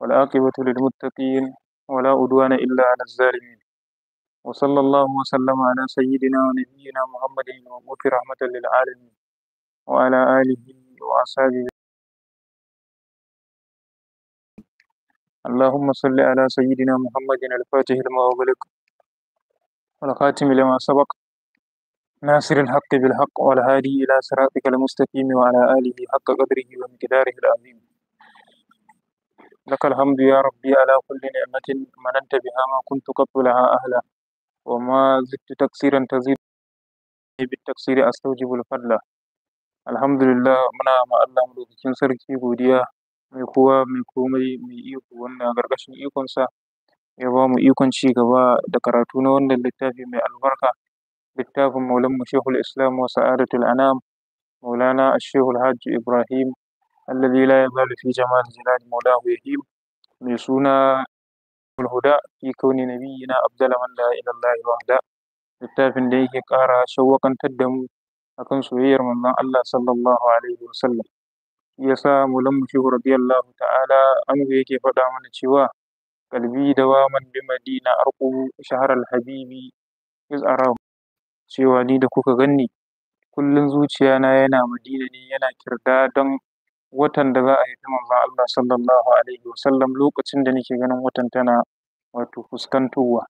والعاقبة للمتقين ولا أدوان إلا على الظالمين وصلى الله وسلم على سيدنا ونبينا محمد المبعوث رحمة للعالمين وعلى آله وأصحابه اللهم صل على سيدنا محمد الفاتح لما أغلق والخاتم لما سبق ناصر الحق بالحق والهادي إلى صراطك المستقيم وعلى آله حق قدره ومقداره العظيم لك الحمد يا ربي على كل نعمة مننت بها ما كنت قبل لها أهلا وما زدت تكسيرا تزيد بالتكسير أستوجب الفضل الحمد لله منا ما الله مدوكين سركي godiya mai kowa mai komai mai iko wanda ƙarƙashin ikonsa ya bamu ikon ci gaba da karatu na wannan littafi mai albarka littafin maulanmu shehul islam wa sa'adatul anam maulana shehul hajji ibrahim الذي لا يزال في جمال جلال مولاه يهيم mai suna alhuda fi kauni nabiyina abdala man la ilallahi littafin da yake ƙara shawwakantar da mu akan soyayyar manzon Allah sallallahu alaihi wasallam yasa mulan mushihu radiyallahu ta'ala an yake faɗa mana cewa kalbi da waman bi madina arqu shahar alhabibi is cewa ni da kuka ganni kullun zuciya na yana madina ne yana kirda don watan da za a yi ta Manzon Allah Sallallahu Alaihi Wasallam lokacin da nake ganin watan tana wato fuskantowa.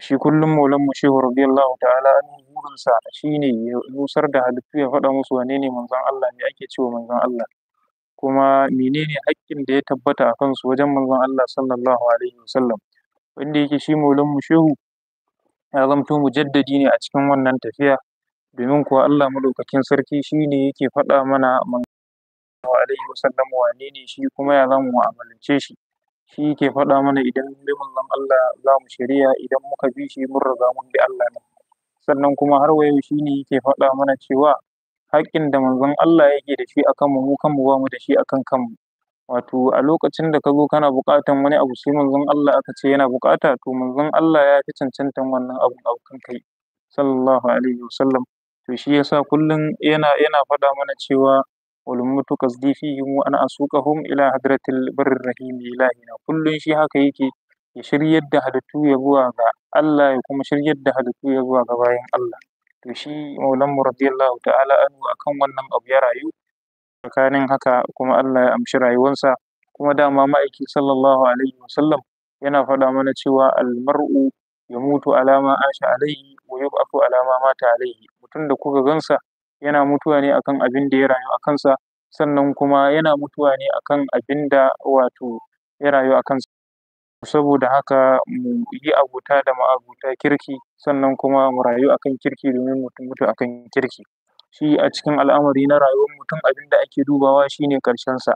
Shi kullum mu Shehu radiyallahu ta'ala anhu burinsa shi ne ya nusar da halittu ya faɗa musu wane ne Manzon Allah, me ake cewa Manzon Allah, kuma menene hakkin haƙƙin da ya tabbata a kansu wajen Manzon Allah Sallallahu Alaihi Wasallam. Wanda yake shi mu Shehu ya zamto mujaddadi ne a cikin wannan tafiya, domin kuwa Allah Maɗaukakin Sarki shi ne yake faɗa mana alaihi wasallam wane ne shi kuma ya zamu mu'amalance shi shi ke faɗa mana idan bi manzon Allah za mu shari'a idan muka bi shi mun riga mun bi Allah ne sannan kuma har wayo shi ne yake faɗa mana cewa haƙƙin da manzon Allah yake da shi akan mu mu kanmu ba mu da shi akan kanmu wato a lokacin da ka zo kana buƙatan wani abu sai manzon Allah aka ce yana buƙata to manzon Allah ya fi cancantan wannan abu a kan kai sallallahu alaihi wasallam to shi yasa kullum yana yana faɗa mana cewa ولمت قصدي وأنا أسوقهم إلى barin البر الرحيم Kullum shi haka yake ya shiryar da halittu ya zuwa ga Allah ya kuma shiryar da halittu ya zuwa ga bayan Allah to shi maulan mu radiyallahu ta'ala anhu akan wannan abu ya rayu tsakanin haka kuma Allah ya amshi rayuwarsa kuma dama ma'aiki sallallahu alaihi sallam yana faɗa mana cewa almar'u ya mutu alama asha alaihi wa yub'athu alama mata alaihi mutum da kuka gansa yana mutuwa ne akan abin da ya rayu a kansa, sannan kuma yana mutuwa ne akan abin da wato ya rayu a kansa. Saboda haka mu yi abota da ma'abota kirki, sannan kuma mu rayu akan kirki domin mu mutu akan kirki. Shi a cikin al'amari na rayuwar mutum abin abinda ake dubawa shine ne ƙarshen sa.